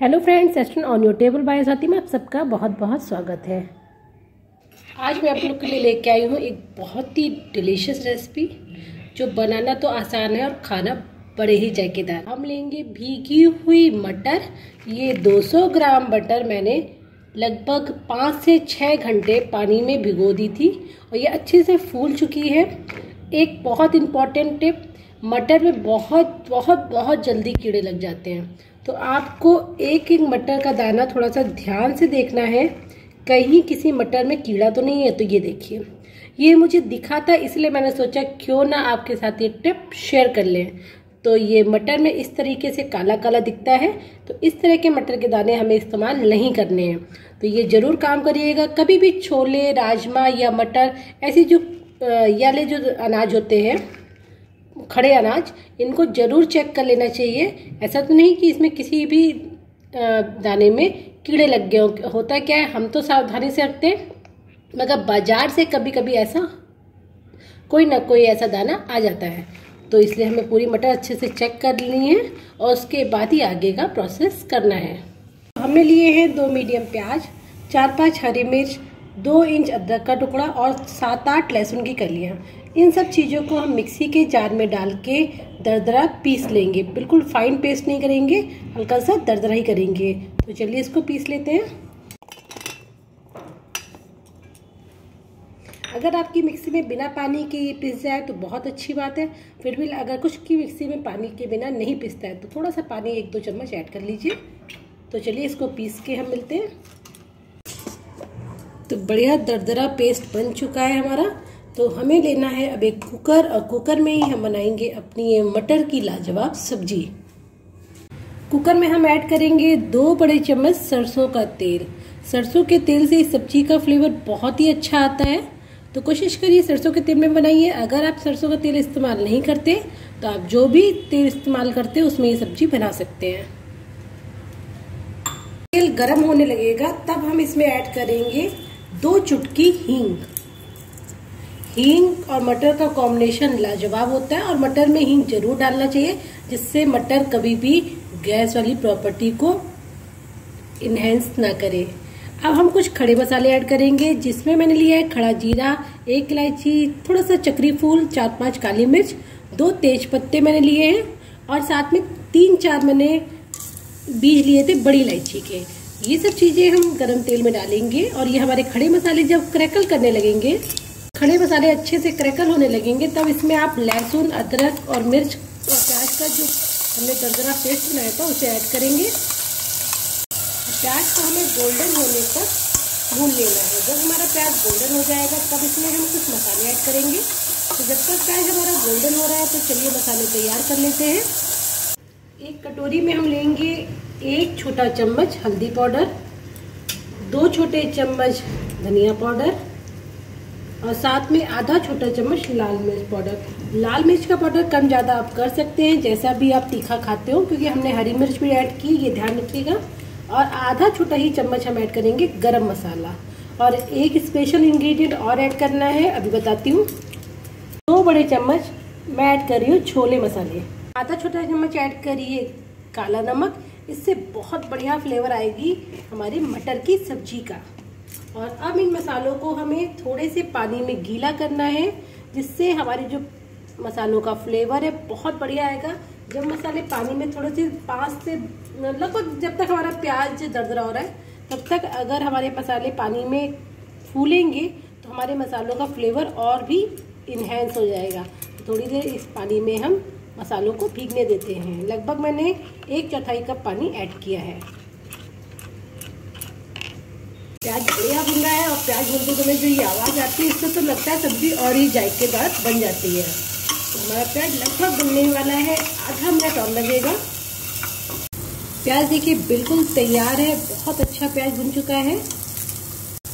hello friends Aston on your table by Sathi में आप सबका बहुत बहुत स्वागत है आज मैं आप लोग के लिए लेके आई हूँ एक बहुत ही डिलीशियस रेसिपी जो बनाना तो आसान है और खाना बड़े ही जायकेदार हम लेंगे भीगी हुई मटर ये 200 ग्राम मटर मैंने लगभग पाँच से छः घंटे पानी में भिगो दी थी और ये अच्छे से फूल चुकी है एक बहुत इम्पॉर्टेंट टिप मटर में बहुत बहुत बहुत जल्दी कीड़े लग जाते हैं तो आपको एक एक मटर का दाना थोड़ा सा ध्यान से देखना है कहीं किसी मटर में कीड़ा तो नहीं है तो ये देखिए ये मुझे दिखा था इसलिए मैंने सोचा क्यों ना आपके साथ ये टिप शेयर कर लें तो ये मटर में इस तरीके से काला काला दिखता है तो इस तरह के मटर के दाने हमें इस्तेमाल नहीं करने हैं तो ये ज़रूर काम करिएगा कभी भी छोले राजमा या मटर ऐसी जो याले जो अनाज होते हैं खड़े अनाज इनको ज़रूर चेक कर लेना चाहिए ऐसा तो नहीं कि इसमें किसी भी दाने में कीड़े लग गए होता क्या है हम तो सावधानी से रखते हैं मगर बाज़ार से कभी कभी ऐसा कोई ना कोई ऐसा दाना आ जाता है तो इसलिए हमें पूरी मटर अच्छे से चेक कर ली है और उसके बाद ही आगे का प्रोसेस करना है हमने लिए हैं दो मीडियम प्याज चार पाँच हरी मिर्च दो इंच अदरक का टुकड़ा और सात आठ लहसुन की कलियाँ इन सब चीज़ों को हम मिक्सी के जार में डाल के दरदरा पीस लेंगे बिल्कुल फाइन पेस्ट नहीं करेंगे हल्का सा दरदरा ही करेंगे तो चलिए इसको पीस लेते हैं अगर आपकी मिक्सी में बिना पानी के ये पिस जाए तो बहुत अच्छी बात है फिर भी अगर कुछ की मिक्सी में पानी के बिना नहीं पिसता है तो थोड़ा सा पानी एक दो चम्मच ऐड कर लीजिए तो चलिए इसको पीस के हम मिलते हैं तो बढ़िया दरदरा पेस्ट बन चुका है हमारा तो हमें लेना है अब एक कुकर और कुकर में ही हम बनाएंगे अपनी ये मटर की लाजवाब सब्जी कुकर में हम ऐड करेंगे दो बड़े चम्मच सरसों का तेल सरसों के तेल से इस सब्जी का फ्लेवर बहुत ही अच्छा आता है तो कोशिश करिए सरसों के तेल में बनाइए अगर आप सरसों का तेल इस्तेमाल नहीं करते तो आप जो भी तेल इस्तेमाल करते हैं उसमें ये सब्जी बना सकते हैं तेल गर्म होने लगेगा तब हम इसमें ऐड करेंगे दो चुटकी हींग हींग और मटर का कॉम्बिनेशन लाजवाब होता है और मटर में हींग जरूर डालना चाहिए जिससे मटर कभी भी गैस वाली प्रॉपर्टी को इन्हेंस ना करे अब हम कुछ खड़े मसाले ऐड करेंगे जिसमें मैंने लिया है खड़ा जीरा एक इलायची थोड़ा सा चक्री फूल चार पांच काली मिर्च दो तेज पत्ते मैंने लिए हैं और साथ में तीन चार मैंने बीज लिए थे बड़ी इलायची के ये सब चीज़ें हम गरम तेल में डालेंगे और ये हमारे खड़े मसाले जब क्रैकल करने लगेंगे खड़े मसाले अच्छे से क्रैकल होने लगेंगे तब इसमें आप लहसुन अदरक और मिर्च और प्याज का जो हमने दरदरा पेस्ट बनाया था उसे ऐड करेंगे प्याज को हमें गोल्डन होने तक भून लेना है जब हमारा प्याज गोल्डन हो जाएगा तब इसमें हम कुछ मसाले ऐड करेंगे तो जब तक प्याज हमारा गोल्डन हो रहा है तो चलिए मसाले तैयार कर लेते हैं एक कटोरी में हम लेंगे एक छोटा चम्मच हल्दी पाउडर दो छोटे चम्मच धनिया पाउडर और साथ में आधा छोटा चम्मच लाल मिर्च पाउडर लाल मिर्च का पाउडर कम ज़्यादा आप कर सकते हैं जैसा भी आप तीखा खाते हो क्योंकि हमने हरी मिर्च भी ऐड की ये ध्यान रखिएगा और आधा छोटा ही चम्मच हम ऐड करेंगे गरम मसाला और एक स्पेशल इंग्रेडिएंट और ऐड करना है अभी बताती हूँ दो बड़े चम्मच मैं ऐड कर रही हूँ छोले मसाले आधा छोटा चम्मच ऐड करिए काला नमक इससे बहुत बढ़िया फ्लेवर आएगी हमारी मटर की सब्जी का और अब इन मसालों को हमें थोड़े से पानी में गीला करना है जिससे हमारे जो मसालों का फ्लेवर है बहुत बढ़िया आएगा जब मसाले पानी में थोड़े से पाँच से लगभग जब तक हमारा प्याज दरदरा हो रहा है तब तक अगर हमारे मसाले पानी में फूलेंगे तो हमारे मसालों का फ्लेवर और भी इन्हेंस हो जाएगा थोड़ी देर इस पानी में हम मसालों को भीगने देते हैं लगभग मैंने एक चौथाई कप पानी ऐड किया है प्याज बढ़िया भुन रहा है और प्याज भूनते समय जो ये आवाज़ आती है इससे तो लगता है सब्ज़ी और ही बाद बन जाती है हमारा प्याज लगभग बनने वाला है आधा मिनट और लगेगा प्याज देखिए बिल्कुल तैयार है बहुत अच्छा प्याज भुन चुका है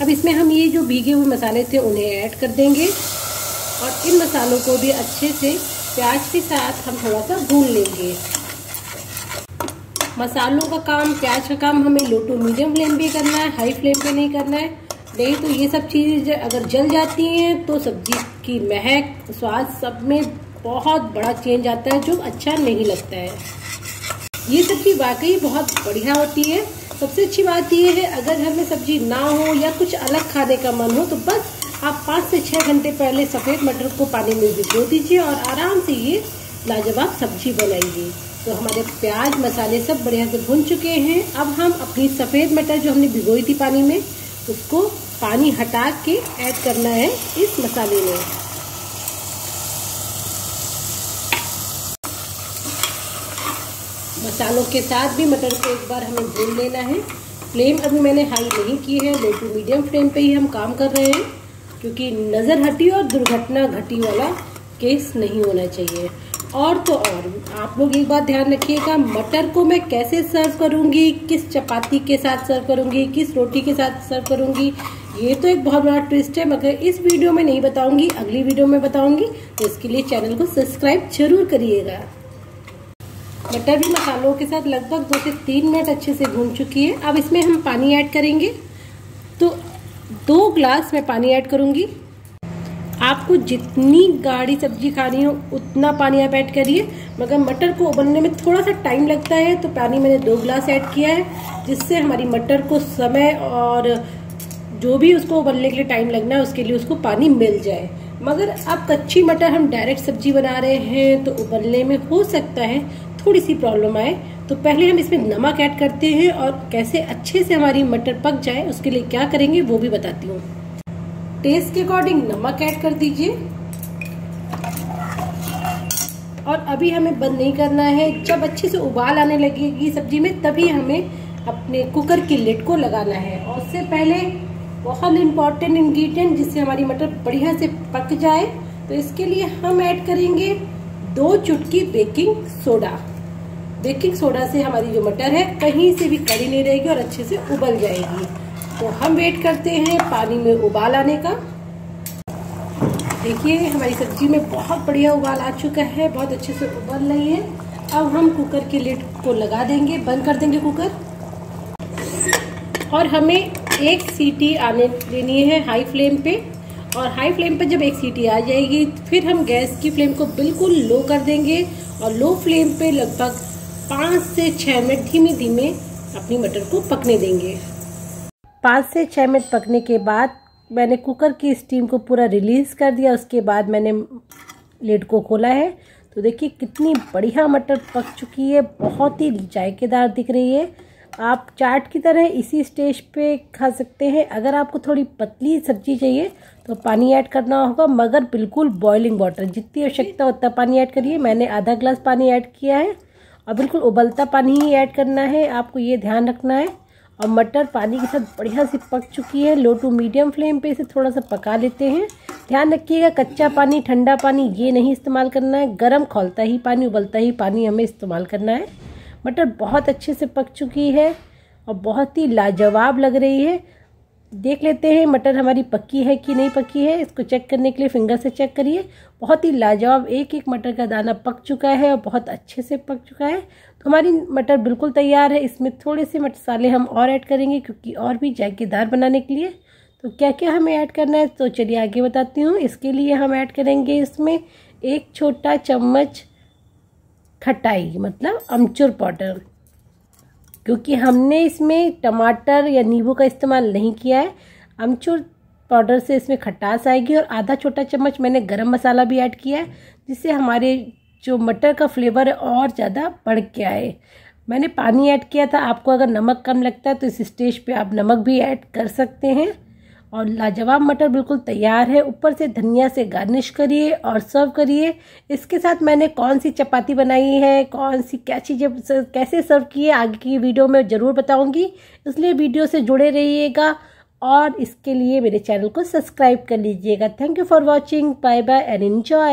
अब इसमें हम ये जो भीगे हुए मसाले थे उन्हें ऐड कर देंगे और इन मसालों को भी अच्छे से प्याज के साथ हम थोड़ा सा भून लेंगे मसालों का काम प्याज का काम हमें लो टू मीडियम फ्लेम पे करना है हाई फ्लेम पे नहीं करना है नहीं तो ये सब चीज़ अगर जल जाती हैं तो सब्जी की महक स्वाद सब में बहुत बड़ा चेंज आता है जो अच्छा नहीं लगता है ये सब्जी वाकई बहुत बढ़िया होती है सबसे अच्छी बात यह है अगर घर में सब्जी ना हो या कुछ अलग खाने का मन हो तो बस आप पाँच से छः घंटे पहले सफ़ेद मटर को पानी में भिजो दीजिए और आराम से ये लाजवाब सब्जी बनाइए तो हमारे प्याज मसाले सब बढ़िया से भुन चुके हैं अब हम अपनी सफ़ेद मटर जो हमने भिगोई थी पानी में उसको पानी हटा के ऐड करना है इस मसाले में मसालों के साथ भी मटर को एक बार हमें भून लेना है फ्लेम अभी मैंने हाई नहीं की है लो टू मीडियम फ्लेम पे ही हम काम कर रहे हैं क्योंकि नज़र हटी और दुर्घटना घटी वाला केस नहीं होना चाहिए और तो और आप लोग एक बात ध्यान रखिएगा मटर को मैं कैसे सर्व करूँगी किस चपाती के साथ सर्व करूँगी किस रोटी के साथ सर्व करूँगी ये तो एक बहुत बड़ा ट्विस्ट है मगर इस वीडियो में नहीं बताऊँगी अगली वीडियो में बताऊँगी तो इसके लिए चैनल को सब्सक्राइब जरूर करिएगा मटर भी मसालों के साथ लगभग दो से तीन मिनट अच्छे से भून चुकी है अब इसमें हम पानी ऐड करेंगे तो दो ग्लास मैं पानी ऐड करूँगी आपको जितनी गाढ़ी सब्जी खानी हो उतना पानी आप ऐड करिए मगर मटर को उबलने में थोड़ा सा टाइम लगता है तो पानी मैंने दो गिलास ऐड किया है जिससे हमारी मटर को समय और जो भी उसको उबलने के लिए टाइम लगना है उसके लिए उसको पानी मिल जाए मगर अब कच्ची मटर हम डायरेक्ट सब्जी बना रहे हैं तो उबलने में हो सकता है थोड़ी सी प्रॉब्लम आए तो पहले हम इसमें नमक ऐड करते हैं और कैसे अच्छे से हमारी मटर पक जाए उसके लिए क्या करेंगे वो भी बताती हूँ टेस्ट के अकॉर्डिंग नमक ऐड कर दीजिए और अभी हमें बंद नहीं करना है जब अच्छे से उबाल आने लगेगी सब्जी में तभी हमें अपने कुकर की लिड को लगाना है और उससे पहले बहुत इम्पॉर्टेंट इन्ग्रीडियंट जिससे हमारी मटर बढ़िया से पक जाए तो इसके लिए हम ऐड करेंगे दो चुटकी बेकिंग सोडा बेकिंग सोडा से हमारी जो मटर है कहीं से भी कड़ी नहीं रहेगी और अच्छे से उबल जाएगी तो हम वेट करते हैं पानी में उबाल आने का देखिए हमारी सब्जी में बहुत बढ़िया उबाल आ चुका है बहुत अच्छे से उबल रही है अब हम कुकर के लिड को लगा देंगे बंद कर देंगे कुकर और हमें एक सीटी आने लेनी है हाई फ्लेम पे और हाई फ्लेम पे जब एक सीटी आ जाएगी फिर हम गैस की फ्लेम को बिल्कुल लो कर देंगे और लो फ्लेम पे लगभग पाँच से छः मिनट धीमे धीमे अपनी मटर को पकने देंगे पाँच से छः मिनट पकने के बाद मैंने कुकर की स्टीम को पूरा रिलीज़ कर दिया उसके बाद मैंने लेड को खोला है तो देखिए कितनी बढ़िया मटर पक चुकी है बहुत ही जायकेदार दिख रही है आप चाट की तरह इसी स्टेज पे खा सकते हैं अगर आपको थोड़ी पतली सब्जी चाहिए तो पानी ऐड करना होगा मगर बिल्कुल बॉइलिंग वाटर जितनी आवश्यकता उतना पानी ऐड करिए मैंने आधा ग्लास पानी ऐड किया है और बिल्कुल उबलता पानी ही ऐड करना है आपको ये ध्यान रखना है और मटर पानी के साथ बढ़िया से पक चुकी है लो टू मीडियम फ्लेम पे इसे थोड़ा सा पका लेते हैं ध्यान रखिएगा कच्चा पानी ठंडा पानी ये नहीं इस्तेमाल करना है गर्म खोलता ही पानी उबलता ही पानी हमें इस्तेमाल करना है मटर बहुत अच्छे से पक चुकी है और बहुत ही लाजवाब लग रही है देख लेते हैं मटर हमारी पक्की है कि नहीं पक्की है इसको चेक करने के लिए फिंगर से चेक करिए बहुत ही लाजवाब एक एक मटर का दाना पक चुका है और बहुत अच्छे से पक चुका है तो हमारी मटर बिल्कुल तैयार है इसमें थोड़े से मसाले हम और ऐड करेंगे क्योंकि और भी जायकेदार बनाने के लिए तो क्या क्या हमें ऐड करना है तो चलिए आगे बताती हूँ इसके लिए हम ऐड करेंगे इसमें एक छोटा चम्मच खटाई मतलब अमचूर पाउडर क्योंकि हमने इसमें टमाटर या नींबू का इस्तेमाल नहीं किया है अमचूर पाउडर से इसमें खटास आएगी और आधा छोटा चम्मच मैंने गरम मसाला भी ऐड किया है जिससे हमारे जो मटर का फ्लेवर है और ज़्यादा बढ़ के आए मैंने पानी ऐड किया था आपको अगर नमक कम लगता है तो इस स्टेज पे आप नमक भी ऐड कर सकते हैं और लाजवाब मटर बिल्कुल तैयार है ऊपर से धनिया से गार्निश करिए और सर्व करिए इसके साथ मैंने कौन सी चपाती बनाई है कौन सी क्या चीज़ें कैसे सर्व किए आगे की वीडियो में ज़रूर बताऊंगी इसलिए वीडियो से जुड़े रहिएगा और इसके लिए मेरे चैनल को सब्सक्राइब कर लीजिएगा thank you for watching bye bye and enjoy